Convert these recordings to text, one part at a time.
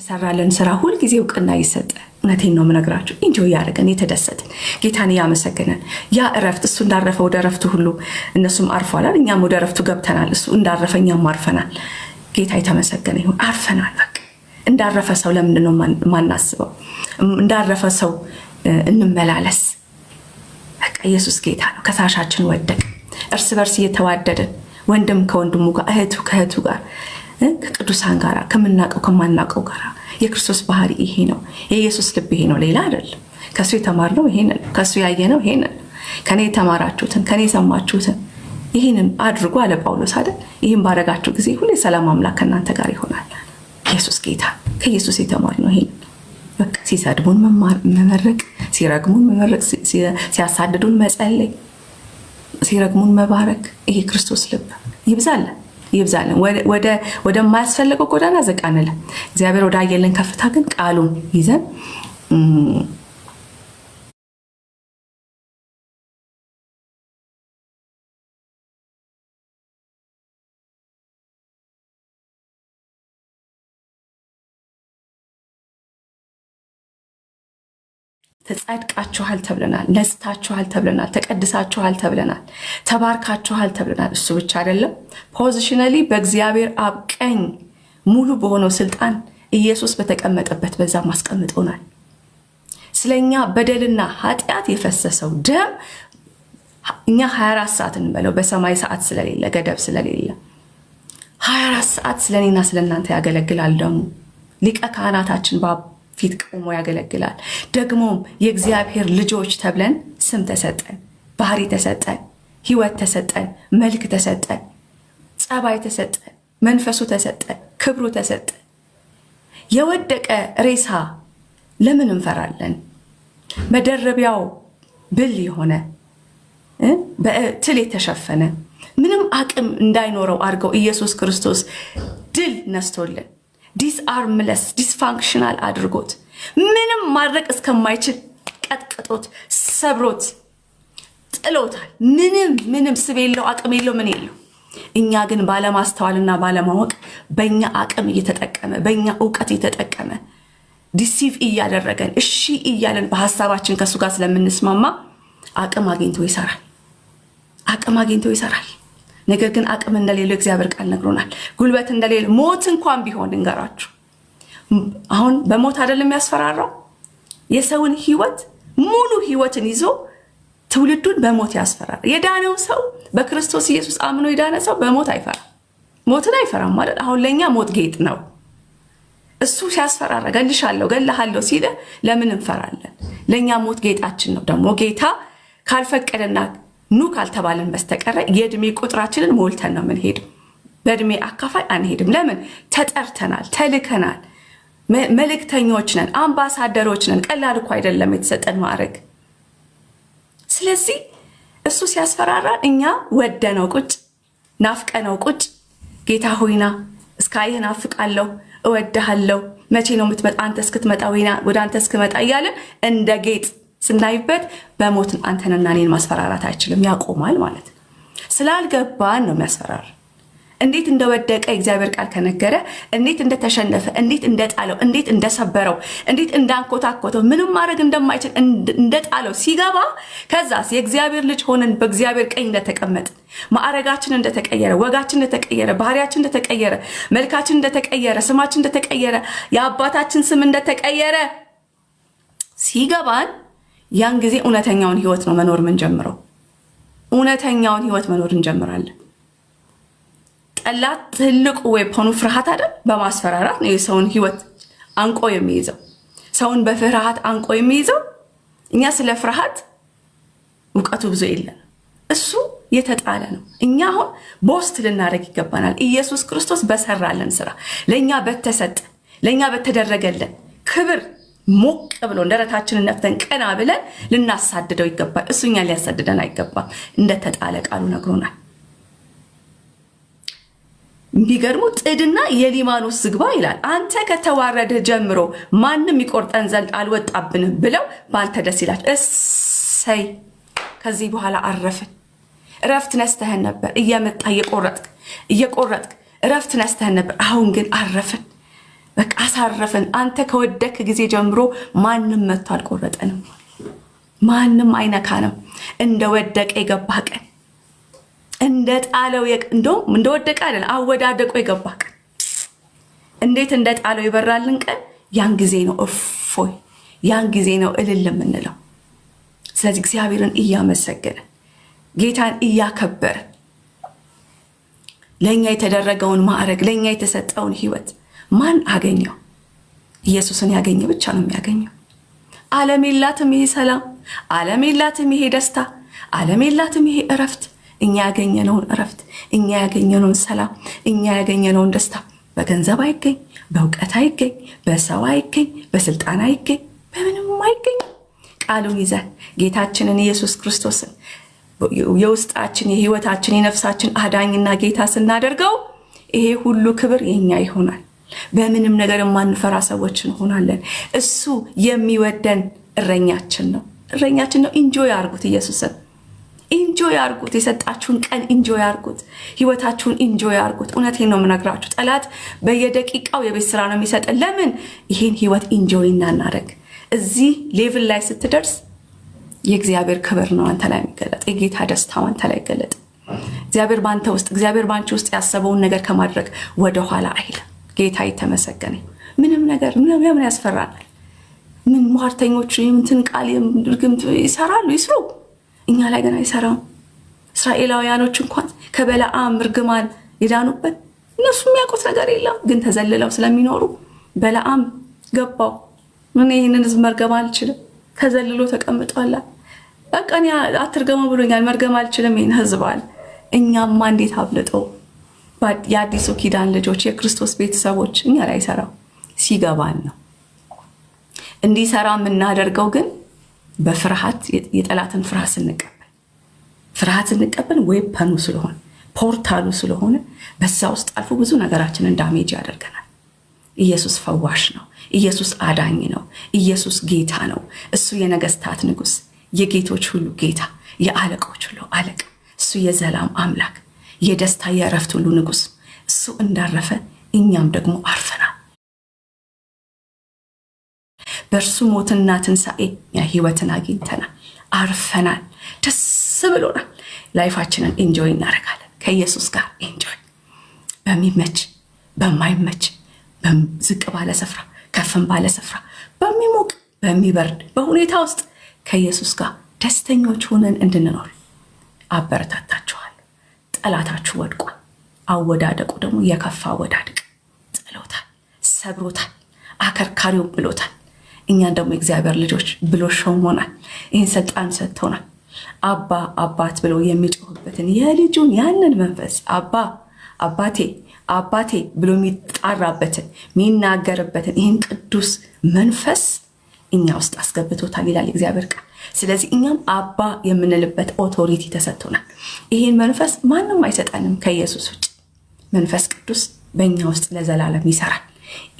የሰራለን ስራ ሁልጊዜ እውቅና ይሰጠ። እውነቴን ነው የምነግራቸው። እንጆ ያደረገን የተደሰትን ጌታን እያመሰገነን ያ እረፍት እሱ እንዳረፈ ወደ እረፍቱ ሁሉ እነሱም አርፏላል፣ እኛም ወደ እረፍቱ ገብተናል። እሱ እንዳረፈ እኛም አርፈናል። ጌታ የተመሰገነ ይሁን። አርፈናል። በቃ እንዳረፈ ሰው ለምንድን ነው ማናስበው? እንዳረፈ ሰው እንመላለስ። በቃ ኢየሱስ ጌታ ነው። ከሳሻችን ወደቅ። እርስ በርስ እየተዋደድን ወንድም ከወንድሙ ጋር፣ እህቱ ከእህቱ ጋር ከቅዱሳን ጋር ከምናውቀው ከማናውቀው ጋር የክርስቶስ ባህሪ ይሄ ነው። የኢየሱስ ልብ ይሄ ነው፣ ሌላ አይደለም። ከእሱ የተማርነው ይሄንን፣ ከእሱ ያየነው ይሄንን፣ ከኔ የተማራችሁትን ከኔ የሰማችሁትን ይህንን አድርጎ አለ ጳውሎስ አይደል? ይህን ባረጋችሁ ጊዜ ሁሉ የሰላም አምላክ ከእናንተ ጋር ይሆናል። ኢየሱስ ጌታ። ከኢየሱስ የተማርነው ይሄ በቃ ሲሰድቡን መመረቅ፣ ሲረግሙን መመረቅ፣ ሲያሳድዱን መጸለይ፣ ሲረግሙን መባረክ። ይሄ ክርስቶስ ልብ ይብዛለን። ይብዛልን። ወደማያስፈልገው ጎዳና ዘቃንልን። እግዚአብሔር ወደ አየልን ከፍታ ግን ቃሉን ይዘን ተጻድቃችኋል ተብለናል። ነጽታችኋል ተብለናል። ተቀድሳችኋል ተብለናል። ተባርካችኋል ተብለናል። እሱ ብቻ አይደለም፣ ፖዚሽነሊ በእግዚአብሔር አብ ቀኝ ሙሉ በሆነው ስልጣን ኢየሱስ በተቀመጠበት በዛ ማስቀምጦናል። ስለኛ በደልና ኃጢአት የፈሰሰው ደም እኛ 24 ሰዓት እንበለው በሰማይ ሰዓት ስለሌለ ገደብ ስለሌለ 24 ሰዓት ስለኔና ስለእናንተ ያገለግላል። ደሙ ሊቀ ካህናታችን ፊት ቆሞ ያገለግላል። ደግሞም የእግዚአብሔር ልጆች ተብለን ስም ተሰጠን፣ ባህሪ ተሰጠን፣ ህይወት ተሰጠን፣ መልክ ተሰጠን፣ ጸባይ ተሰጠን፣ መንፈሱ ተሰጠን፣ ክብሩ ተሰጠን። የወደቀ ሬሳ ለምን እንፈራለን? መደረቢያው ብል የሆነ በትል የተሸፈነ ምንም አቅም እንዳይኖረው አድርገው ኢየሱስ ክርስቶስ ድል ነስቶልን ዲስአርምለስ ዲስፋንክሽናል አድርጎት ምንም ማድረግ እስከማይችል ቀጥቅጦት ሰብሮት ጥሎታል። ምንም ምንም ስብ የለው አቅም የለው ምን የለው። እኛ ግን ባለማስተዋልና ባለማወቅ በእኛ አቅም እየተጠቀመ በእኛ እውቀት እየተጠቀመ ዲሲቭ እያደረገን እሺ እያለን በሀሳባችን ከእሱ ጋር ስለምንስማማ አቅም አግኝቶ ይሰራል። አቅም አግኝቶ ይሰራል። ነገር ግን አቅም እንደሌለው እግዚአብሔር ቃል ነግሮናል። ጉልበት እንደሌለ ሞት እንኳን ቢሆን እንገራችሁ። አሁን በሞት አይደለም ያስፈራራው የሰውን ህይወት ሙሉ ህይወትን ይዞ ትውልዱን በሞት ያስፈራራ የዳነው ሰው በክርስቶስ ኢየሱስ አምኖ የዳነ ሰው በሞት አይፈራም፣ ሞትን አይፈራም ማለት አሁን ለእኛ ሞት ጌጥ ነው። እሱ ሲያስፈራራ ገልሻለሁ፣ እገልሃለሁ ሲለ ለምን እንፈራለን? ለእኛ ሞት ጌጣችን ነው። ደግሞ ጌታ ካልፈቀደና ኑ ካልተባለን በስተቀረ የእድሜ ቁጥራችንን ሞልተን ነው የምንሄድም። በእድሜ አካፋይ አንሄድም። ለምን? ተጠርተናል፣ ተልከናል፣ መልእክተኞች ነን፣ አምባሳደሮች ነን። ቀላል እኮ አይደለም የተሰጠን ማዕረግ። ስለዚህ እሱ ሲያስፈራራን እኛ ወደነው ቁጭ ናፍቀነው ቁጭ ጌታ ሆይና እስካይህ ናፍቃለሁ፣ እወድሃለሁ፣ መቼ ነው የምትመጣ? አንተ እስክትመጣ ወይና ወደ አንተ እስክመጣ እያለን እንደ ጌጥ ስናይበት በሞት አንተንና እኔን ማስፈራራት አይችልም፣ ያቆማል ማለት ነው። ስላልገባን ነው የሚያስፈራር። እንዴት እንደወደቀ እግዚአብሔር ቃል ከነገረ፣ እንዴት እንደተሸነፈ፣ እንዴት እንደጣለው፣ እንዴት እንደሰበረው፣ እንዴት እንዳንኮታኮተው፣ ምንም ማድረግ እንደማይችል እንደጣለው ሲገባ፣ ከዛስ የእግዚአብሔር ልጅ ሆነን በእግዚአብሔር ቀኝ እንደተቀመጥን፣ ማዕረጋችን እንደተቀየረ፣ ወጋችን እንደተቀየረ፣ ባህሪያችን እንደተቀየረ፣ መልካችን እንደተቀየረ፣ ስማችን እንደተቀየረ፣ የአባታችን ስም እንደተቀየረ ሲገባን ያን ጊዜ እውነተኛውን ህይወት ነው መኖር ምንጀምረው እውነተኛውን ህይወት መኖር እንጀምራለን። ጠላት ትልቁ ዌፖኑ ፍርሃት አይደል? በማስፈራራት ነው የሰውን ህይወት አንቆ የሚይዘው። ሰውን በፍርሃት አንቆ የሚይዘው እኛ ስለ ፍርሃት እውቀቱ ብዙ የለም። እሱ የተጣለ ነው። እኛ አሁን ቦስት ልናደርግ ይገባናል። ኢየሱስ ክርስቶስ በሰራለን ስራ፣ ለእኛ በተሰጠ ለእኛ በተደረገለን ክብር ሞቅ ብሎ ደረታችንን ነፍተን ቀና ብለን ልናሳድደው ይገባል። እሱ እኛን ሊያሳድደን አይገባም። እንደተጣለ ቃሉ ነግሮናል። ቢገርሙ ጥድና የሊባኖስ ዝግባ ይላል። አንተ ከተዋረድህ ጀምሮ ማንም ይቆርጠን ዘንድ አልወጣብንም ብለው በአንተ ደስ ይላቸው። እሰይ ከዚህ በኋላ አረፍን። እረፍት ነስተህን ነበር እየመጣ እየቆረጥክ እየቆረጥክ እረፍት ነስተህን ነበር። አሁን ግን አረፍን። በቃ አሳረፈን። አንተ ከወደክ ጊዜ ጀምሮ ማንም መጥቶ አልቆረጠንም፣ ማንም አይነካንም። እንደወደቀ የገባ ቀን እንደ ጣለው እንደውም ወደቀ አይደል አወዳደቆ የገባ ቀን እንዴት እንደ ጣለው ይበራልን ቀን ያን ጊዜ ነው እፎይ፣ ያን ጊዜ ነው እልል የምንለው። ስለዚህ እግዚአብሔርን እያመሰገንን ጌታን እያከበርን ለእኛ የተደረገውን ማዕረግ ለእኛ የተሰጠውን ህይወት ማን አገኘው? ኢየሱስን ያገኘ ብቻ ነው የሚያገኘው። ዓለም የላትም ይሄ ሰላም፣ ዓለም የላትም ይሄ ደስታ፣ ዓለም የላትም ይሄ እረፍት። እኛ ያገኘነውን እረፍት፣ እኛ ያገኘነውን ሰላም፣ እኛ ያገኘነውን ደስታ በገንዘብ አይገኝ፣ በእውቀት አይገኝ፣ በሰው አይገኝ፣ በስልጣን አይገኝ፣ በምንም አይገኝ። ቃሉን ይዘን ጌታችንን ኢየሱስ ክርስቶስን የውስጣችን የህይወታችን የነፍሳችን አዳኝና ጌታ ስናደርገው ይሄ ሁሉ ክብር የኛ ይሆናል። በምንም ነገር የማንፈራ ሰዎች እንሆናለን። እሱ የሚወደን እረኛችን ነው እረኛችን ነው። ኢንጆይ አርጉት ኢየሱስን ኢንጆይ አርጉት። የሰጣችሁን ቀን ኢንጆይ አርጉት። ህይወታችሁን ኢንጆይ አርጉት። እውነቴን ነው የምነግራችሁ። ጠላት በየደቂቃው የቤት ስራ ነው የሚሰጠን። ለምን ይህን ህይወት ኢንጆይ እናናደርግ? እዚህ ሌቭል ላይ ስትደርስ የእግዚአብሔር ክብር ነው አንተ ላይ የሚገለጥ፣ የጌታ ደስታ አንተ ላይ ይገለጥ። እግዚአብሔር በአንተ ውስጥ፣ እግዚአብሔር በአንቺ ውስጥ ያሰበውን ነገር ከማድረግ ወደኋላ አይልም። ጌታ የተመሰገነ ምንም ነገር ለምን ያስፈራናል? ምን ሟርተኞች ምትን ቃል ድርግምት ይሰራሉ ይስሩ፣ እኛ ላይ ግን አይሰራም። እስራኤላውያኖች እንኳን ከበለዓም እርግማን የዳኑበት እነሱ የሚያውቁት ነገር የለም። ግን ተዘልለው ስለሚኖሩ በለዓም ገባው። እኔ ይህንን ህዝብ መርገም አልችልም። ተዘልሎ ተቀምጧላ። በቃ እኔ አትርገሙ ብሎኛል፣ መርገም አልችልም ይህን ህዝብ አለ። እኛማ እንዴት አብልጠው የአዲሱ ኪዳን ልጆች የክርስቶስ ቤተሰቦች እኛ ላይ ሰራው ሲገባን ነው። እንዲሰራ የምናደርገው ግን በፍርሃት የጠላትን ፍርሃት ስንቀበል ፍርሃት ስንቀበል ዌፐኑ ስለሆነ ፖርታሉ ስለሆነ በዛ ውስጥ አልፎ ብዙ ነገራችንን ዳሜጅ ያደርገናል። ኢየሱስ ፈዋሽ ነው። ኢየሱስ አዳኝ ነው። ኢየሱስ ጌታ ነው። እሱ የነገስታት ንጉስ፣ የጌቶች ሁሉ ጌታ፣ የአለቆች ሁሉ አለቅ፣ እሱ የዘላም አምላክ የደስታ የእረፍት ሁሉ ንጉስ እሱ እንዳረፈ እኛም ደግሞ አርፈናል። በእርሱ ሞትና ትንሣኤ እኛ ህይወትን አግኝተናል፣ አርፈናል፣ ደስ ብሎናል። ላይፋችንን ኤንጆይ እናደርጋለን። ከኢየሱስ ጋር ኤንጆይ በሚመች በማይመች ዝቅ ባለ ስፍራ ከፍም ባለ ስፍራ በሚሞቅ በሚበርድ በሁኔታ ውስጥ ከኢየሱስ ጋር ደስተኞች ሆነን እንድንኖር አበረታታችኋል። ጠላታችሁ ወድቋል። አወዳደቁ ደግሞ የከፋ አወዳደቅ ጥሎታል፣ ሰብሮታል፣ አከርካሪው ብሎታል። እኛን ደግሞ የእግዚአብሔር ልጆች ብሎ ሾሞናል። ይህን ስልጣን ሰጥቶናል። አባ አባት ብሎ የሚጮህበትን የልጁን ያንን መንፈስ አባ አባቴ አባቴ ብሎ የሚጣራበትን የሚናገርበትን ይህን ቅዱስ መንፈስ እኛ ውስጥ አስገብቶታል ይላል እግዚአብሔር ቃል። ስለዚህ እኛም አባ የምንልበት ኦቶሪቲ ተሰጥቶናል። ይህን መንፈስ ማንም አይሰጠንም ከኢየሱስ ውጭ። መንፈስ ቅዱስ በእኛ ውስጥ ለዘላለም ይሰራል።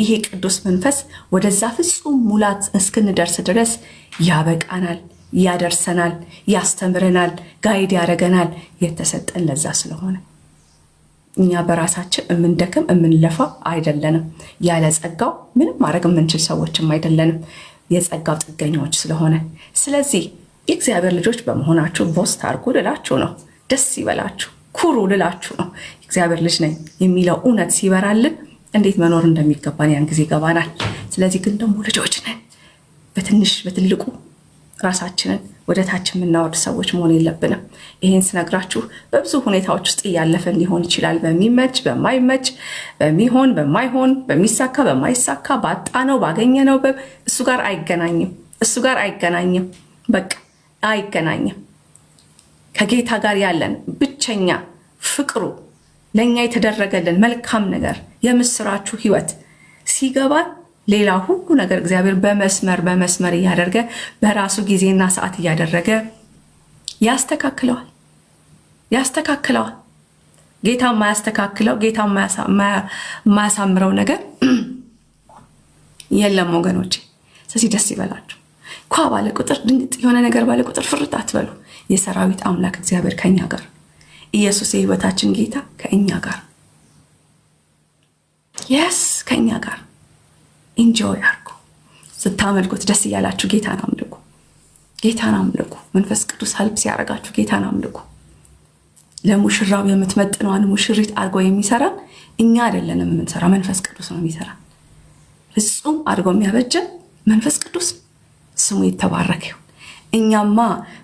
ይሄ ቅዱስ መንፈስ ወደዛ ፍጹም ሙላት እስክንደርስ ድረስ ያበቃናል፣ ያደርሰናል፣ ያስተምረናል፣ ጋይድ ያደረገናል። የተሰጠን ለዛ ስለሆነ እኛ በራሳችን የምንደክም የምንለፋ አይደለንም። ያለ ጸጋው ምንም ማድረግ የምንችል ሰዎችም አይደለንም። የጸጋው ጥገኛዎች ስለሆነ ስለዚህ የእግዚአብሔር ልጆች በመሆናችሁ ቦስት አድርጉ ልላችሁ ነው። ደስ ይበላችሁ፣ ኩሩ ልላችሁ ነው። እግዚአብሔር ልጅ ነኝ የሚለው እውነት ሲበራልን እንዴት መኖር እንደሚገባን ያን ጊዜ ይገባናል። ስለዚህ ግን ደግሞ ልጆች ነን በትንሽ በትልቁ ራሳችንን ወደ ታች የምናወርድ ሰዎች መሆን የለብንም። ይህን ስነግራችሁ በብዙ ሁኔታዎች ውስጥ እያለፈን ሊሆን ይችላል። በሚመች በማይመች፣ በሚሆን በማይሆን፣ በሚሳካ በማይሳካ፣ ባጣነው ነው ባገኘ ነው፣ እሱ ጋር አይገናኝም። እሱ ጋር አይገናኝም። በቃ አይገናኝም። ከጌታ ጋር ያለን ብቸኛ ፍቅሩ ለእኛ የተደረገልን መልካም ነገር የምስራችሁ ህይወት ሲገባን ሌላ ሁሉ ነገር እግዚአብሔር በመስመር በመስመር እያደረገ በራሱ ጊዜና ሰዓት እያደረገ ያስተካክለዋል ያስተካክለዋል። ጌታ የማያስተካክለው ጌታ የማያሳምረው ነገር የለም ወገኖቼ። ስለዚህ ደስ ይበላችሁ። ኳ ባለ ቁጥር ድንግጥ የሆነ ነገር ባለ ቁጥር ፍርጥ አትበሉ። የሰራዊት አምላክ እግዚአብሔር ከእኛ ጋር፣ ኢየሱስ የህይወታችን ጌታ ከእኛ ጋር፣ የስ ከእኛ ጋር ኢንጆይ አርጉ። ስታመልኩት ደስ እያላችሁ ጌታን አምልኩ። ጌታን አምልኩ። መንፈስ ቅዱስ ሀልብ ሲያደርጋችሁ ጌታን አምልኩ። ለሙሽራው የምትመጥነዋን ሙሽሪት አድርጎ የሚሰራ እኛ አይደለንም የምንሰራ፣ መንፈስ ቅዱስ ነው የሚሰራ። ፍጹም አድርጎ የሚያበጀን መንፈስ ቅዱስ ስሙ የተባረከ ይሁን። እኛማ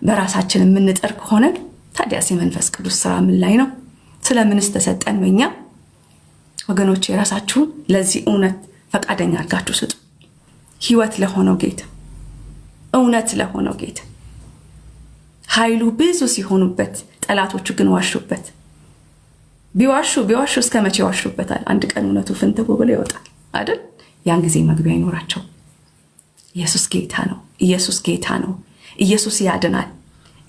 በራሳችን የምንጠር ከሆነ ታዲያስ የመንፈስ ቅዱስ ስራ ምን ላይ ነው? ስለምንስ ተሰጠን? በኛ ወገኖች የራሳችሁን ለዚህ እውነት ፈቃደኛ አድርጋችሁ ስጡ። ህይወት ለሆነው ጌታ፣ እውነት ለሆነው ጌታ ኃይሉ ብዙ ሲሆኑበት፣ ጠላቶቹ ግን ዋሹበት። ቢዋሹ ቢዋሹ እስከ መቼ ዋሹበታል? አንድ ቀን እውነቱ ፍንትው ብሎ ይወጣል አይደል? ያን ጊዜ መግቢያ ይኖራቸው ኢየሱስ ጌታ ነው። ኢየሱስ ጌታ ነው። ኢየሱስ ያድናል።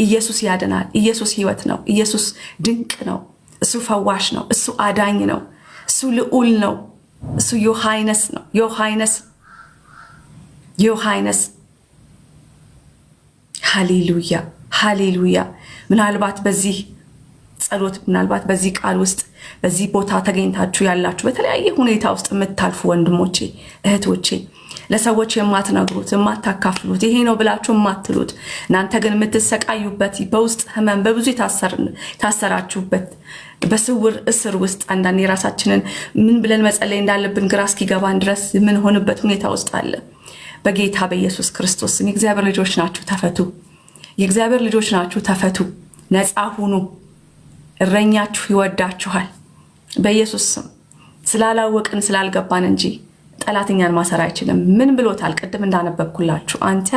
ኢየሱስ ያድናል። ኢየሱስ ህይወት ነው። ኢየሱስ ድንቅ ነው። እሱ ፈዋሽ ነው። እሱ አዳኝ ነው። እሱ ልዑል ነው። እሱ ዮሐይነስ ነው። ዮሐይነስ ዮሐይነስ። ሃሌሉያ ሃሌሉያ። ምናልባት በዚህ ጸሎት ምናልባት በዚህ ቃል ውስጥ በዚህ ቦታ ተገኝታችሁ ያላችሁ በተለያየ ሁኔታ ውስጥ የምታልፉ ወንድሞቼ እህቶቼ ለሰዎች የማትነግሩት የማታካፍሉት ይሄ ነው ብላችሁ የማትሉት እናንተ ግን የምትሰቃዩበት በውስጥ ህመም በብዙ የታሰራችሁበት በስውር እስር ውስጥ አንዳንዴ የራሳችንን ምን ብለን መጸለይ እንዳለብን ግራ እስኪገባን ድረስ የምንሆንበት ሁኔታ ውስጥ አለ። በጌታ በኢየሱስ ክርስቶስ የእግዚአብሔር ልጆች ናችሁ፣ ተፈቱ። የእግዚአብሔር ልጆች ናችሁ፣ ተፈቱ፣ ነፃ ሁኑ። እረኛችሁ ይወዳችኋል። በኢየሱስ ስም ስላላወቅን ስላልገባን እንጂ ጠላት እኛን ማሰር አይችልም። ምን ብሎታል? ቅድም እንዳነበብኩላችሁ አንተ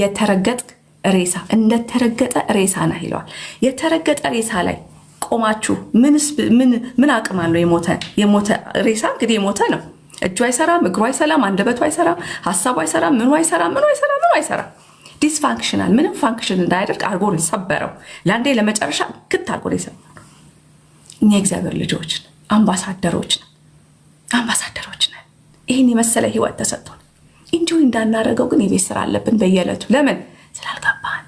የተረገጥክ ሬሳ እንደተረገጠ ሬሳ ነህ ይለዋል። የተረገጠ ሬሳ ላይ ቆማችሁ ምን አቅም አለው? የሞተ ሬሳ እንግዲህ የሞተ ነው። እጁ አይሰራም፣ እግሩ አይሰራም፣ አንደበቱ አይሰራም፣ ሀሳቡ አይሰራም፣ ምኑ አይሰራም፣ ምኑ አይሰራም፣ ምኑ አይሰራም። ዲስፋንክሽናል ምንም ፋንክሽን እንዳያደርግ አርጎ ሰበረው። ለአንዴ ለመጨረሻ ክት አርጎ ሰበረው። እኛ የእግዚአብሔር ልጆች ነን፣ አምባሳደሮች ነን፣ አምባሳደሮች ነን። ይህን የመሰለ ህይወት ተሰጥቶን እንዲሁ እንዳናደርገው ግን የቤት ስራ አለብን በየዕለቱ ለምን ስላልገባን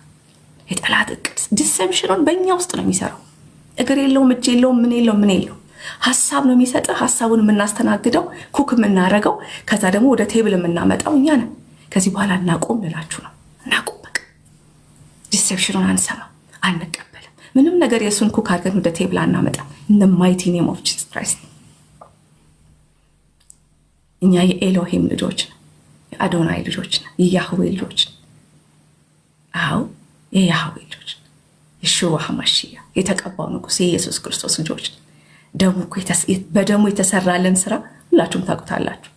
የጠላት እቅድ ዲሰፕሽኑን በእኛ ውስጥ ነው የሚሰራው። እግር የለውም፣ እጅ የለውም፣ ምን የለውም፣ ምን የለውም። ሀሳብ ነው የሚሰጥ። ሀሳቡን የምናስተናግደው ኩክ የምናደርገው ከዛ ደግሞ ወደ ቴብል የምናመጣው እኛ ነን። ከዚህ በኋላ እናቆም ልላችሁ ነው። እናቆም በቃ ዲሰፕሽኑን አንሰማ አንቀ ምንም ነገር የእሱን ኩክ አድርገን ወደ ቴብል አናመጣም። ኢን ማይቲ ኔም ኦፍ ጂሰስ ክራይስት እኛ የኤሎሂም ልጆች ነው፣ የአዶናይ ልጆች ነው፣ የያህዌ ልጆች ነን። አዎ የያህዌ ልጆች ነን። የሽዋ ሐማሽያ የተቀባው ንጉስ የኢየሱስ ክርስቶስ ልጆች ነን። በደሙ የተሰራለን ስራ ሁላችሁም ታውቁታላችሁ።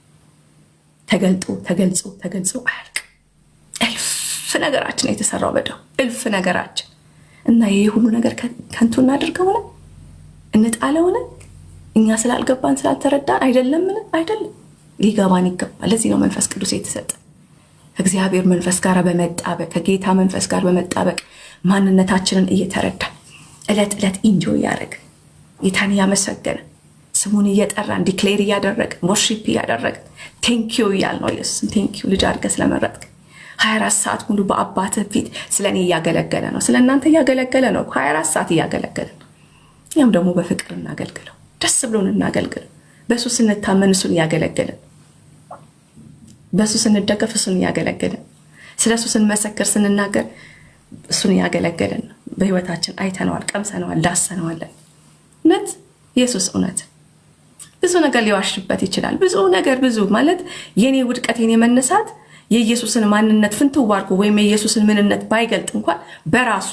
ተገልጦ ተገልጾ ተገልጾ አያልቅ። እልፍ ነገራችን የተሰራው በደሙ እልፍ ነገራችን እና ይህ ሁሉ ነገር ከንቱ እናድርገው ሆነ እንጣለ ሆነ እኛ ስላልገባን ስላልተረዳን አይደለምን? አይደለም፣ ሊገባን ይገባል። ለዚህ ነው መንፈስ ቅዱስ የተሰጠ ከእግዚአብሔር መንፈስ ጋር በመጣበቅ ከጌታ መንፈስ ጋር በመጣበቅ ማንነታችንን እየተረዳ እለት ዕለት ኢንጆ እያደረግ ጌታን እያመሰገነ ስሙን እየጠራን ዲክሌር እያደረግን ወርሺፕ እያደረግን ቴንኪዩ እያል ነው ኢየሱስን ቴንኪዩ ልጅ አድርገህ ስለመረጥክ 24 ሰዓት ሙሉ በአባትህ ፊት ስለ እኔ እያገለገለ ነው። ስለ እናንተ እያገለገለ ነው። 24 ሰዓት እያገለገለ ነው። እኛም ደግሞ በፍቅር እናገልግለው፣ ደስ ብሎን እናገልግለው። በእሱ ስንታመን እሱን እያገለገለን፣ በእሱ ስንደገፍ እሱን እያገለገለን፣ ስለ እሱ ስንመሰክር ስንናገር እሱን እያገለገለን ነው። በህይወታችን አይተነዋል፣ ቀምሰነዋል፣ ዳሰነዋለን። እውነት ኢየሱስ እውነት ብዙ ነገር ሊዋሽበት ይችላል። ብዙ ነገር ብዙ ማለት የኔ ውድቀት የኔ መነሳት የኢየሱስን ማንነት ፍንትው አድርጎ ወይም የኢየሱስን ምንነት ባይገልጥ እንኳን በራሱ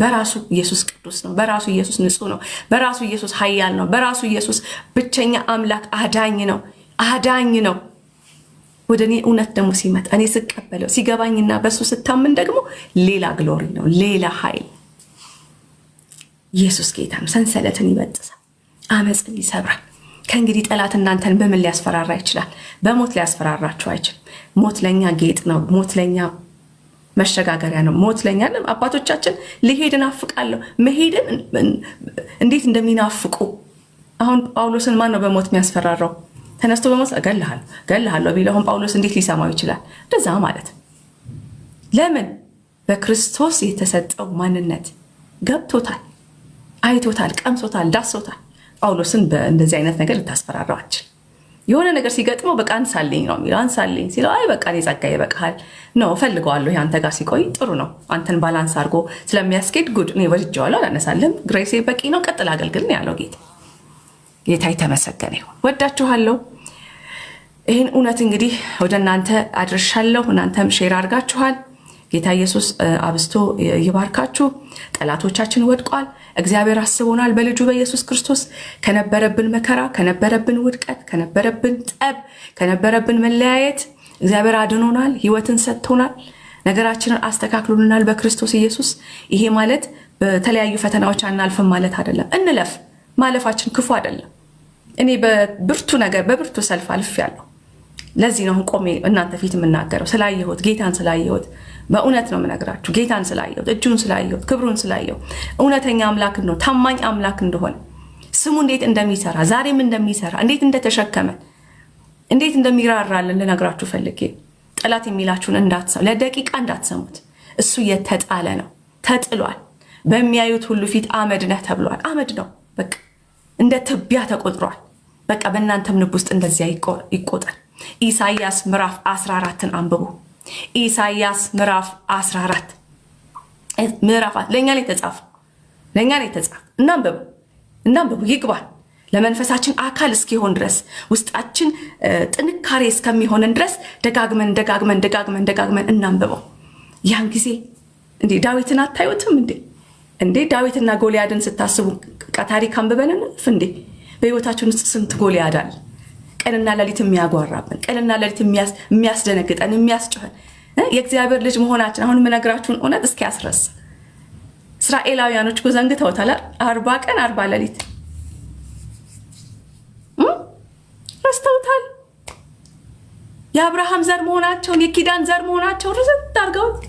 በራሱ ኢየሱስ ቅዱስ ነው። በራሱ ኢየሱስ ንጹህ ነው። በራሱ ኢየሱስ ኃያል ነው። በራሱ ኢየሱስ ብቸኛ አምላክ አዳኝ ነው። አዳኝ ነው። ወደ እኔ እውነት ደግሞ ሲመጣ እኔ ስቀበለው ሲገባኝና በእሱ ስታምን ደግሞ ሌላ ግሎሪ ነው፣ ሌላ ኃይል። ኢየሱስ ጌታ ነው። ሰንሰለትን ይበጥሳል፣ አመፅን ይሰብራል። ከእንግዲህ ጠላት እናንተን በምን ሊያስፈራራ ይችላል? በሞት ሊያስፈራራችሁ አይችልም። ሞት ለእኛ ጌጥ ነው። ሞት ለእኛ መሸጋገሪያ ነው። ሞት ለእኛ አባቶቻችን ልሄድ እናፍቃለሁ መሄድን እንዴት እንደሚናፍቁ አሁን ጳውሎስን ማን ነው በሞት የሚያስፈራራው? ተነስቶ በሞት እገልሃለሁ እገልሃለሁ ቢለው አሁን ጳውሎስ እንዴት ሊሰማው ይችላል? እንደዛ ማለት ለምን በክርስቶስ የተሰጠው ማንነት ገብቶታል፣ አይቶታል፣ ቀምሶታል፣ ዳሶታል። ጳውሎስን በእንደዚህ አይነት ነገር ልታስፈራራው አችል። የሆነ ነገር ሲገጥመው በቃ አንሳልኝ ነው የሚለው። አንሳልኝ ሲለው አይ በቃ እኔ ጸጋ ይበቃሃል ነው እፈልገዋለሁ። አንተ ጋር ሲቆይ ጥሩ ነው። አንተን ባላንስ አድርጎ ስለሚያስኬድ ጉድ እኔ ወድጄዋለሁ። አላነሳልም። ግሬሴ በቂ ነው። ቀጥል አገልግል ነው ያለው ጌታ። ጌታ የተመሰገነ ይሁን። ወዳችኋለሁ። ይህን እውነት እንግዲህ ወደ እናንተ አድርሻለሁ። እናንተም ሼር አድርጋችኋል። ጌታ ኢየሱስ አብስቶ ይባርካችሁ። ጠላቶቻችን ወድቋል። እግዚአብሔር አስቦናል። በልጁ በኢየሱስ ክርስቶስ ከነበረብን መከራ፣ ከነበረብን ውድቀት፣ ከነበረብን ጠብ፣ ከነበረብን መለያየት እግዚአብሔር አድኖናል። ህይወትን ሰጥቶናል። ነገራችንን አስተካክሎልናል በክርስቶስ ኢየሱስ። ይሄ ማለት በተለያዩ ፈተናዎች አናልፍም ማለት አይደለም። እንለፍ። ማለፋችን ክፉ አይደለም። እኔ በብርቱ ነገር በብርቱ ሰልፍ አልፌያለሁ። ለዚህ ነው ቆሜ እናንተ ፊት የምናገረው፣ ስላየሁት ጌታን ስላየሁት፣ በእውነት ነው የምነግራችሁ። ጌታን ስላየሁት፣ እጁን ስላየሁት፣ ክብሩን ስላየሁት፣ እውነተኛ አምላክ ነው፣ ታማኝ አምላክ እንደሆነ፣ ስሙ እንዴት እንደሚሰራ፣ ዛሬም እንደሚሰራ፣ እንዴት እንደተሸከመ፣ እንዴት እንደሚራራልን ልነግራችሁ ፈልጌ። ጠላት የሚላችሁን እንዳትሰሙ፣ ለደቂቃ እንዳትሰሙት። እሱ የተጣለ ነው፣ ተጥሏል። በሚያዩት ሁሉ ፊት አመድ ነህ ተብሏል። አመድ ነው፣ በቃ እንደ ትቢያ ተቆጥሯል። በቃ በእናንተም ልብ ውስጥ እንደዚያ ይቆጠር። ኢሳይያስ ምዕራፍ 14ን አንብቡ። ኢሳይያስ ምዕራፍ 14 ምዕራፋት ለእኛ ላይ ተጻፉ፣ ለእኛ ላይ ተጻፉ። እናንብቡ፣ እናንብቡ፣ ይግባል ለመንፈሳችን አካል እስኪሆን ድረስ ውስጣችን ጥንካሬ እስከሚሆንን ድረስ ደጋግመን ደጋግመን ደጋግመን ደጋግመን እናንብበው። ያን ጊዜ እንዴ ዳዊትን አታዩትም እንዴ? እንዴ ዳዊትና ጎልያድን ስታስቡ ቀታሪክ አንብበን እንፍ እንዴ። በህይወታችን ውስጥ ስንት ጎልያድ አለ? ቀንና ሌሊት የሚያጓራብን ቀንና ሌሊት የሚያስደነግጠን የሚያስጮኸን የእግዚአብሔር ልጅ መሆናችን አሁን የምነግራችሁን እውነት እስኪ ያስረስ እስራኤላውያኖች እኮ ዘንግተውታል። አርባ ቀን አርባ ሌሊት ረስተውታል። የአብርሃም ዘር መሆናቸውን የኪዳን ዘር መሆናቸውን ርዝት አድርገውት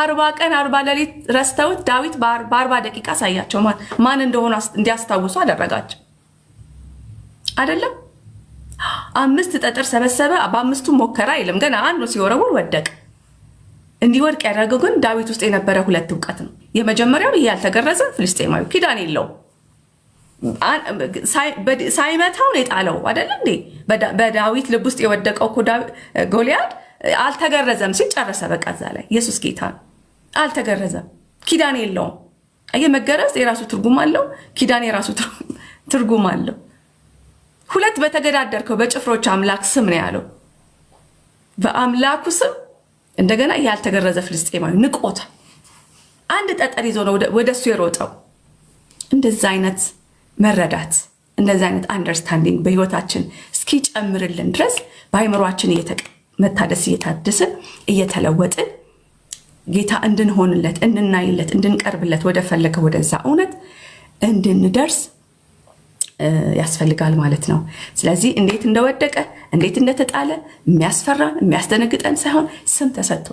አርባ ቀን አርባ ሌሊት ረስተውት ዳዊት በአርባ ደቂቃ አሳያቸው ማን እንደሆኑ እንዲያስታውሱ አደረጋቸው አይደለም። አምስት ጠጠር ሰበሰበ፣ በአምስቱ ሞከረ አይልም። ገና አንዱ ሲወረውር ወደቀ። እንዲወድቅ ያደረገው ግን ዳዊት ውስጥ የነበረ ሁለት እውቀት ነው። የመጀመሪያው ይህ ያልተገረዘ ፍልስጤማዊ ኪዳን የለው ሳይመታው ነው የጣለው አደለ እንዴ? በዳዊት ልብ ውስጥ የወደቀው ጎልያድ አልተገረዘም ሲል ጨረሰ። በቃ ላይ ኢየሱስ ጌታ ነው። አልተገረዘም፣ ኪዳን የለውም። የመገረዝ የራሱ ትርጉም አለው። ኪዳን የራሱ ትርጉም አለው። ሁለት በተገዳደርከው በጭፍሮች አምላክ ስም ነው ያለው። በአምላኩ ስም እንደገና ያልተገረዘ ፍልስጤማዊ ንቆታ አንድ ጠጠር ይዞ ነው ወደ እሱ የሮጠው። እንደዚ አይነት መረዳት እንደዚ አይነት አንደርስታንዲንግ በህይወታችን እስኪጨምርልን ድረስ በአይምሯችን መታደስ እየታደስን እየተለወጥን ጌታ እንድንሆንለት፣ እንድናይለት፣ እንድንቀርብለት ወደ ፈለገ ወደዛ እውነት እንድንደርስ ያስፈልጋል ማለት ነው። ስለዚህ እንዴት እንደወደቀ እንዴት እንደተጣለ የሚያስፈራን የሚያስደነግጠን ሳይሆን ስም ተሰጥቶ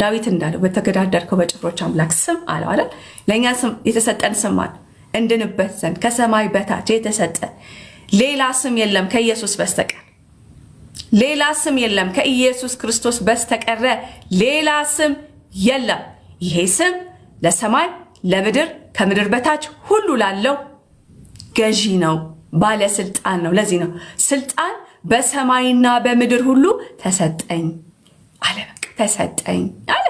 ዳዊት እንዳለው በተገዳደርከው በጭፍሮች አምላክ ስም አለው አይደል? ለእኛ ስም የተሰጠን ስም አለ እንድንበት ዘንድ ከሰማይ በታች የተሰጠ ሌላ ስም የለም ከኢየሱስ በስተቀር ሌላ ስም የለም ከኢየሱስ ክርስቶስ በስተቀረ ሌላ ስም የለም። ይሄ ስም ለሰማይ ለምድር ከምድር በታች ሁሉ ላለው ገዢ ነው፣ ባለስልጣን ነው። ለዚህ ነው ስልጣን በሰማይና በምድር ሁሉ ተሰጠኝ አለ። በቃ ተሰጠኝ አለ።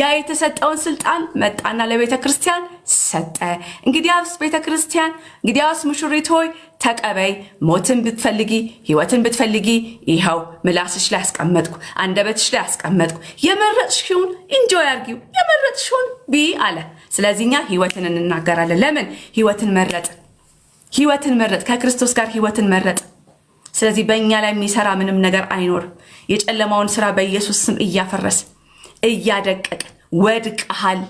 ያ የተሰጠውን ስልጣን መጣና ለቤተ ክርስቲያን ሰጠ። እንግዲያውስ ቤተ ክርስቲያን እንግዲያውስ ሙሽሪት ሆይ ተቀበይ፣ ሞትን ብትፈልጊ ሕይወትን ብትፈልጊ ይኸው ምላስሽ ላይ አስቀመጥኩ፣ አንደበትሽ ላይ አስቀመጥኩ። የመረጥሽውን እንጆይ አርጊው፣ የመረጥሽውን ቢ አለ። ስለዚህኛ እኛ ሕይወትን እንናገራለን። ለምን ሕይወትን መረጥን? ህይወትን መረጥ፣ ከክርስቶስ ጋር ህይወትን መረጥ። ስለዚህ በእኛ ላይ የሚሰራ ምንም ነገር አይኖርም። የጨለማውን ስራ በኢየሱስ ስም እያፈረስ እያደቀቅ ወድቀሃል፣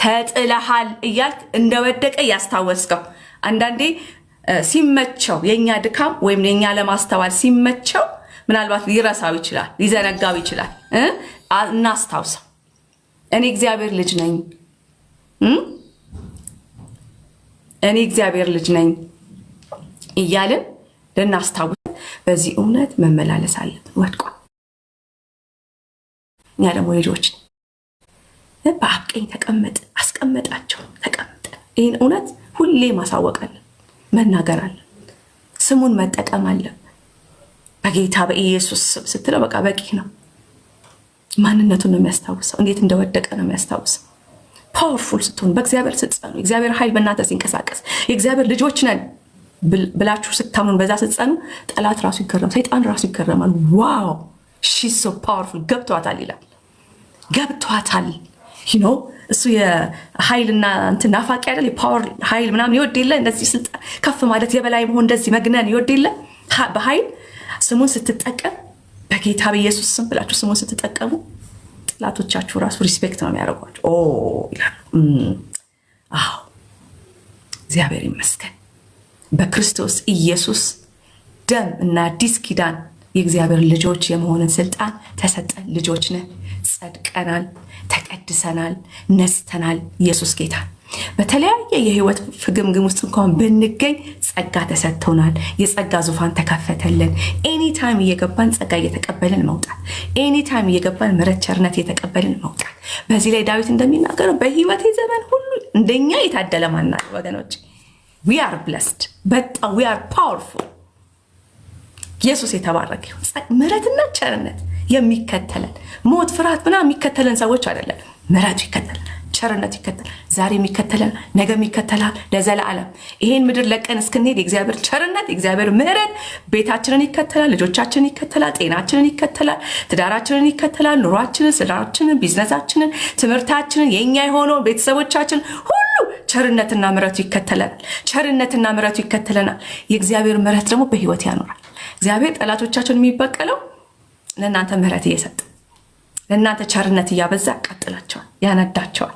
ተጥለሃል እያልክ እንደወደቀ እያስታወስከው አንዳንዴ ሲመቸው የእኛ ድካም ወይም የእኛ ለማስተዋል ሲመቸው ምናልባት ሊረሳው ይችላል፣ ሊዘነጋው ይችላል። እናስታውሰው። እኔ እግዚአብሔር ልጅ ነኝ። እኔ እግዚአብሔር ልጅ ነኝ። እያልን ልናስታውስ በዚህ እውነት መመላለስ አለብን። ወድቋል። እኛ ደግሞ ልጆች በአብ ቀኝ ተቀመጥ አስቀመጣቸው ተቀመጠ። ይህን እውነት ሁሌ ማሳወቅ መናገር አለ ስሙን መጠቀም አለ በጌታ በኢየሱስ ስም ስትለው በቃ በቂ ነው። ማንነቱን ነው የሚያስታውሰው። እንዴት እንደወደቀ ነው የሚያስታውሰው። ፓወርፉል ስትሆኑ፣ በእግዚአብሔር ስትጸኑ፣ የእግዚአብሔር ኃይል በእናንተ ሲንቀሳቀስ የእግዚአብሔር ልጆች ነን ብላችሁ ስታምኑ፣ በዛ ስትጸኑ፣ ጠላት ራሱ ይገረማል፣ ሰይጣን ራሱ ይገረማል። ዋው ሺ ሶ ፓወርፉል ገብቷታል ይላል። ገብቷታል ኖ እሱ የኃይልና እንትን ናፋቂ አይደል? የፓወር ኃይል ምናምን ይወድ የለ እንደዚህ ስልጣን ከፍ ማለት የበላይ መሆን እንደዚህ መግነን ይወድ የለ በኃይል ስሙን ስትጠቀም በጌታ በኢየሱስ ስም ብላችሁ ስሙን ስትጠቀሙ ጥላቶቻችሁ ራሱ ሪስፔክት ነው የሚያደርጓቸው ይላሉ። እግዚአብሔር ይመስገን። በክርስቶስ ኢየሱስ ደም እና አዲስ ኪዳን የእግዚአብሔር ልጆች የመሆንን ስልጣን ተሰጠን። ልጆች ነን፣ ጸድቀናል፣ ተቀድሰናል፣ ነስተናል። ኢየሱስ ጌታ በተለያየ የህይወት ፍግምግም ውስጥ እንኳን ብንገኝ ጸጋ ተሰጥቶናል። የጸጋ ዙፋን ተከፈተልን። ኤኒታይም እየገባን ጸጋ እየተቀበልን መውጣት፣ ኤኒታይም እየገባን ምሕረት ቸርነት እየተቀበልን መውጣት። በዚህ ላይ ዳዊት እንደሚናገረው በህይወቴ ዘመን ሁሉ እንደኛ የታደለ ማናል ወገኖች ዊ አር ብለስድ በጣም ዊ አር ፓወርፉል። ኢየሱስ የተባረከ ምሕረትና ቸርነት የሚከተለን ሞት፣ ፍርሃት ምናምን የሚከተለን ሰዎች አይደለም። ምሕረቱ ይከተለናል፣ ቸርነቱ ይከተለናል፣ ዛሬ የሚከተለን ነገ የሚከተላል ለዘላለም። ይሄን ምድር ለቀን እስክንሄድ የእግዚአብሔር ቸርነት የእግዚአብሔር ምሕረት ቤታችንን ይከተላል፣ ልጆቻችንን ይከተላል፣ ጤናችንን ይከተላል፣ ትዳራችንን ይከተላል፣ ኑሯችንን፣ ስራችንን፣ ቢዝነሳችንን፣ ትምህርታችንን፣ የእኛ የሆነውን ቤተሰቦቻችን ቸርነትና ምረቱ ይከተለናል። ቸርነትና ምረቱ ይከተለናል። የእግዚአብሔር ምረት ደግሞ በህይወት ያኖራል። እግዚአብሔር ጠላቶቻችን የሚበቀለው ለእናንተ ምረት እየሰጠ ለእናንተ ቸርነት እያበዛ ቀጥላቸዋል፣ ያነዳቸዋል፣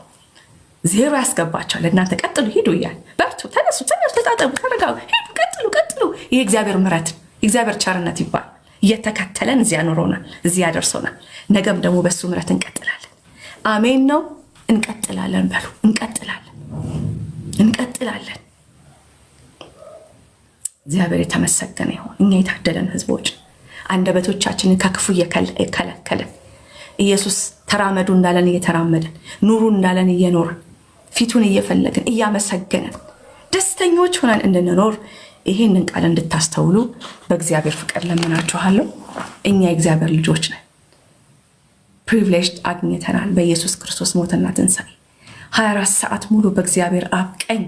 ዜሮ ያስገባቸዋል። ለእናንተ ቀጥሉ፣ ሂዱ እያል በርቱ፣ ተነሱ፣ ተነሱ፣ ተጣጠቡ፣ ተረጋጉ፣ ሂዱ፣ ቀጥሉ፣ ቀጥሉ። ይህ እግዚአብሔር ምረት እግዚአብሔር ቸርነት ይባላል። እየተከተለን እዚያ ኖሮናል፣ እዚያ ደርሶናል። ነገም ደግሞ በሱ ምረት እንቀጥላለን። አሜን ነው። እንቀጥላለን በሉ፣ እንቀጥላለን እንቀጥላለን። እግዚአብሔር የተመሰገነ ይሁን። እኛ የታደለን ህዝቦች አንደበቶቻችንን ከክፉ እየከለከለን ኢየሱስ ተራመዱ እንዳለን እየተራመደን ኑሩ እንዳለን እየኖርን ፊቱን እየፈለግን እያመሰገንን ደስተኞች ሆነን እንድንኖር ይህንን ቃል እንድታስተውሉ በእግዚአብሔር ፍቅር ለምናችኋለሁ። እኛ የእግዚአብሔር ልጆች ነን። ፕሪቪሌጅ አግኝተናል በኢየሱስ ክርስቶስ ሞትና ትንሣኤ 24 ሰዓት ሙሉ በእግዚአብሔር አብ ቀኝ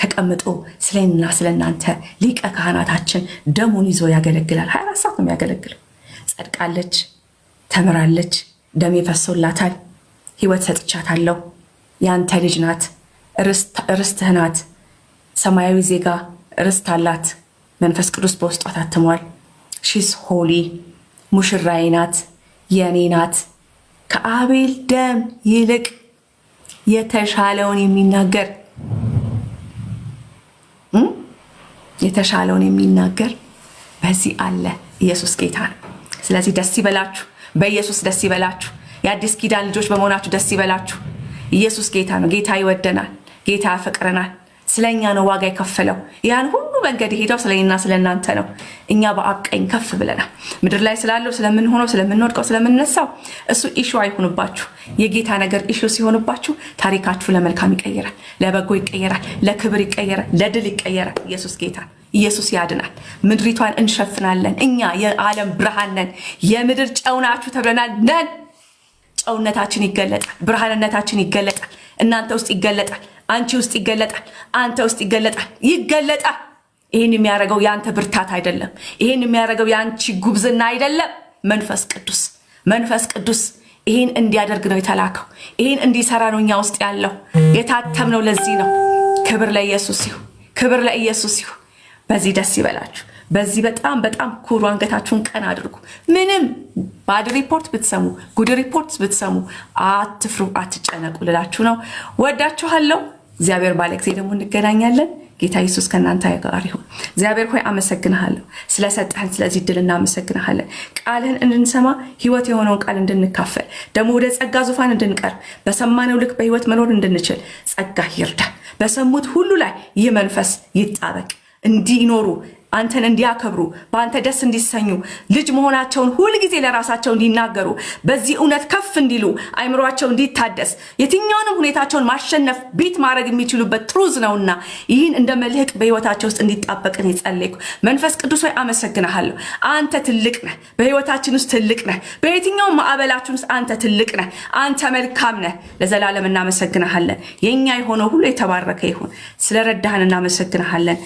ተቀምጦ ስለና ስለእናንተ ሊቀ ካህናታችን ደሙን ይዞ ያገለግላል። 24 ሰዓት ነው የሚያገለግለው። ጸድቃለች፣ ተምራለች፣ ደም ይፈሶላታል፣ ህይወት ሰጥቻታለሁ፣ የአንተ ልጅ ናት፣ ርስትህ ናት፣ ሰማያዊ ዜጋ ርስት አላት፣ መንፈስ ቅዱስ በውስጧ ታትሟል፣ ሺስ ሆሊ ሙሽራዬ ናት፣ የእኔ ናት ከአቤል ደም ይልቅ የተሻለውን የሚናገር የተሻለውን የሚናገር በዚህ አለ። ኢየሱስ ጌታ ነው። ስለዚህ ደስ ይበላችሁ፣ በኢየሱስ ደስ ይበላችሁ። የአዲስ ኪዳን ልጆች በመሆናችሁ ደስ ይበላችሁ። ኢየሱስ ጌታ ነው። ጌታ ይወደናል። ጌታ ያፈቅረናል። ስለኛ ነው ዋጋ የከፈለው ያን ሁሉ መንገድ የሄደው ስለኔና ስለእናንተ ነው። እኛ በአቀኝ ከፍ ብለናል። ምድር ላይ ስላለው ስለምንሆነው፣ ስለምንወድቀው፣ ስለምንነሳው እሱ ኢሹ አይሆንባችሁ። የጌታ ነገር ኢሹ ሲሆንባችሁ ታሪካችሁ ለመልካም ይቀየራል፣ ለበጎ ይቀየራል፣ ለክብር ይቀየራል፣ ለድል ይቀየራል። ኢየሱስ ጌታ ኢየሱስ ያድናል። ምድሪቷን እንሸፍናለን። እኛ የዓለም ብርሃን ነን። የምድር ጨው ናችሁ ተብለናል ነን። ጨውነታችን ይገለጣል፣ ብርሃንነታችን ይገለጣል፣ እናንተ ውስጥ ይገለጣል፣ አንቺ ውስጥ ይገለጣል፣ አንተ ውስጥ ይገለጣል፣ ይገለጣል። ይህን የሚያደርገው የአንተ ብርታት አይደለም። ይህን የሚያደርገው የአንቺ ጉብዝና አይደለም። መንፈስ ቅዱስ መንፈስ ቅዱስ ይህን እንዲያደርግ ነው የተላከው። ይህን እንዲሰራ ነው እኛ ውስጥ ያለው የታተምነው ለዚህ ነው። ክብር ለኢየሱስ ይሁን፣ ክብር ለኢየሱስ ይሁን። በዚህ ደስ ይበላችሁ። በዚህ በጣም በጣም ኩሩ። አንገታችሁን ቀን አድርጉ። ምንም ባድ ሪፖርት ብትሰሙ፣ ጉድ ሪፖርት ብትሰሙ አትፍሩ፣ አትጨነቁ ልላችሁ ነው። ወዳችኋለሁ። እግዚአብሔር ባለ ጊዜ ደግሞ እንገናኛለን። ጌታ ኢየሱስ ከእናንተ ጋር ይሁን። እግዚአብሔር ሆይ አመሰግንሃለሁ፣ ስለሰጠህን ስለዚህ ድል እናመሰግንሃለን። ቃልህን እንድንሰማ ህይወት የሆነውን ቃል እንድንካፈል ደግሞ ወደ ጸጋ ዙፋን እንድንቀርብ በሰማነው ልክ በህይወት መኖር እንድንችል ጸጋ ይርዳ። በሰሙት ሁሉ ላይ ይህ መንፈስ ይጣበቅ እንዲኖሩ አንተን እንዲያከብሩ በአንተ ደስ እንዲሰኙ ልጅ መሆናቸውን ሁልጊዜ ለራሳቸው እንዲናገሩ በዚህ እውነት ከፍ እንዲሉ አይምሯቸው እንዲታደስ የትኛውንም ሁኔታቸውን ማሸነፍ ቢት ማድረግ የሚችሉበት ትሩዝ ነውና ይህን እንደ መልህቅ በህይወታቸው ውስጥ እንዲጣበቅን የጸለይኩ መንፈስ ቅዱስ ሆይ አመሰግናሃለሁ። አንተ ትልቅ ነህ፣ በህይወታችን ውስጥ ትልቅ ነህ፣ በየትኛውም ማዕበላችን ውስጥ አንተ ትልቅ ነህ። አንተ መልካም ነህ። ለዘላለም እናመሰግናሃለን። የእኛ የሆነው ሁሉ የተባረከ ይሁን። ስለረዳህን እናመሰግናሃለን።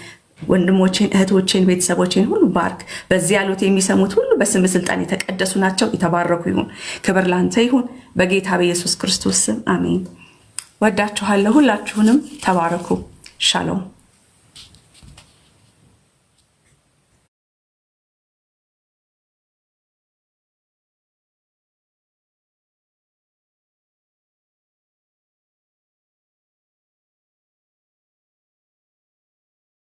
ወንድሞቼን፣ እህቶቼን፣ ቤተሰቦቼን ሁሉ ባርክ። በዚህ ያሉት የሚሰሙት ሁሉ በስም ስልጣን የተቀደሱ ናቸው። የተባረኩ ይሁን። ክብር ላንተ ይሁን። በጌታ በኢየሱስ ክርስቶስ ስም አሜን። ወዳችኋለሁ። ሁላችሁንም ተባረኩ። ሻሎም